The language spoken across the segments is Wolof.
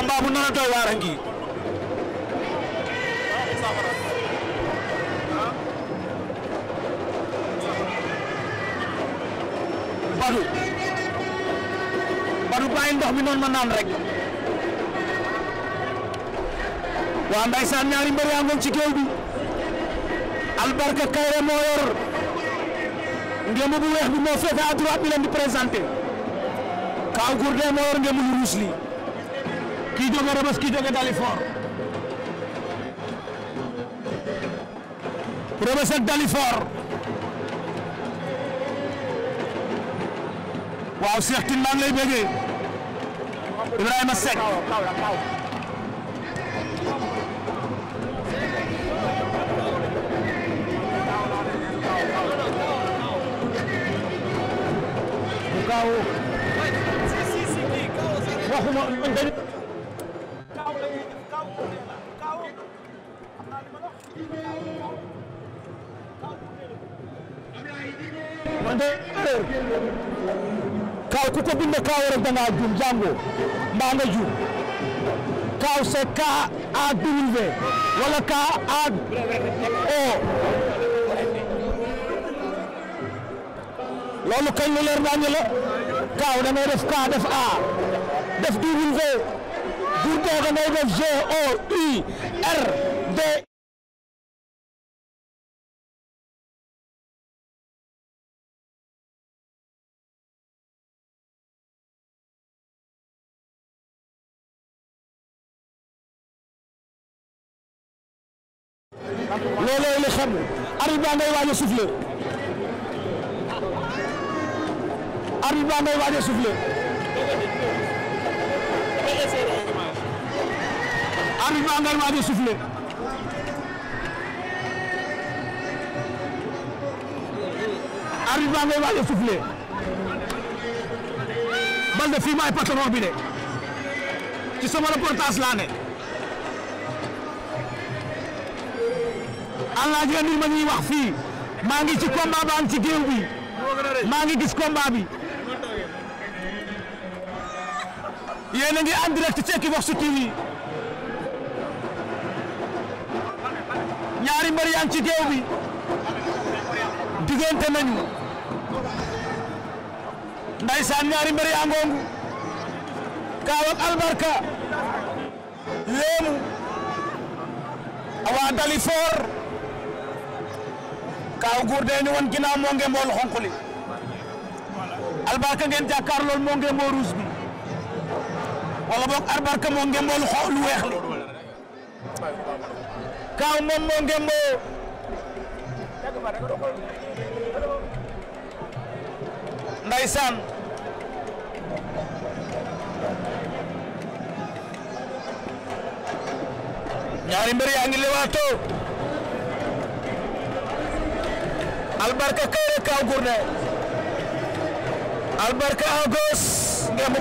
combat bu nana doy ndox mi noonu ma naan rek waa ndeysaan ñaari mbër yaa ngoon ci géew bi Albarka Kayre moo yor ngémb bu weex bi moo féete à leen di présenté Kaaw Gourdin moo yor ngémb lu ruus kii jóge Rebeuss kii jóge Dalifort Rebeuss ak Dalifort waaw Cheikh Tine maa ngi lay bëggee Ibrahima Seck bu gaaw waxuma te heure kaaw ku ko bind kaaw rek da ngaa juum jàngoo nga juum kaaw c'est K A W wala K A O loolu kañ lu leer naa ñu kaaw da ngay def K def A def W Gourdin da ngay def O U R D e. looloo li xam arbitre baa ngay waaj a soufflé arbitre ngay waaj a soufflé arbitre baa ngay waaj a soufflé arbitre baa sama reportage allah ji andil ma ñuy wax fii maa ngi ci combat ba am ci géew bi maa ngi gis combat bi yéen a ngi en direct ci Equivox TV ñaari mbër yaa ci géew bi diggante nañu ndaysaan ñaari mbër yaa ngongu Kaaw Albarka léemu waa Dalifor Kaaw Gour dee ñu woon ginnaaw moo ngeen xonq li albarka ngeen jàkkaar lool moo ngeen ruus bi wala boog albarka moo ngeen bool weex li Kaaw moom moo ngeen boo ndaysaan ñaari mbër yaa ngi lewaatoo Albarka Kaïré Kaw Gourdin Albarka à gauche ngemb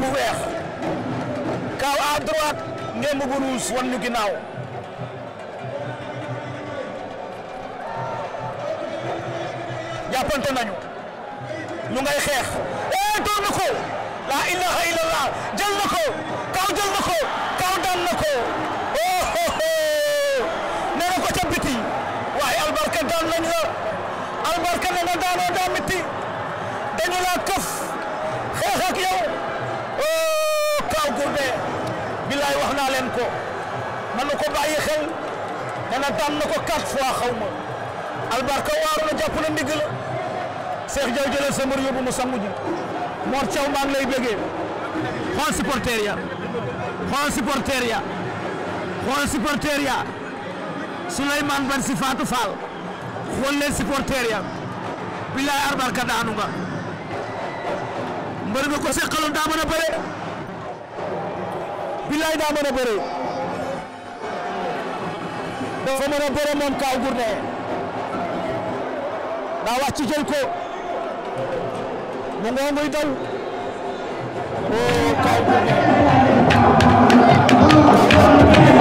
Kaw à droite ngemb bu rouge wan nañu ñu ngay xeex eh door la ilaha illallah jël Kaw jël Kaw daan na oh, ca biti waaye Albarka daan Albass Kane nga daanoo daa métti dañu laa këf xeex ak yow oh Kaw Gourdin bilaay wax naa leen ko man ko bàyyi xel dana daan na ko quatre fois xaw ma Albass Kane waaru na jàpp na ndigg la Cheikh Diaw jëlee sa mbër yóbbu mu sangu ji Mor Thiaw maa ngi lay bëggee xool supporter ya xool supporter ya xool supporter ya Souleymane Ban si Fatou Fall xool leen supporter ya billaay arbarka daanu nga mbër ko seqaloon daa mën a bëre billaay daa mën moom Kaw Gourdin daa wàcc jël ko mu ngoonguy daw o oh, Kaw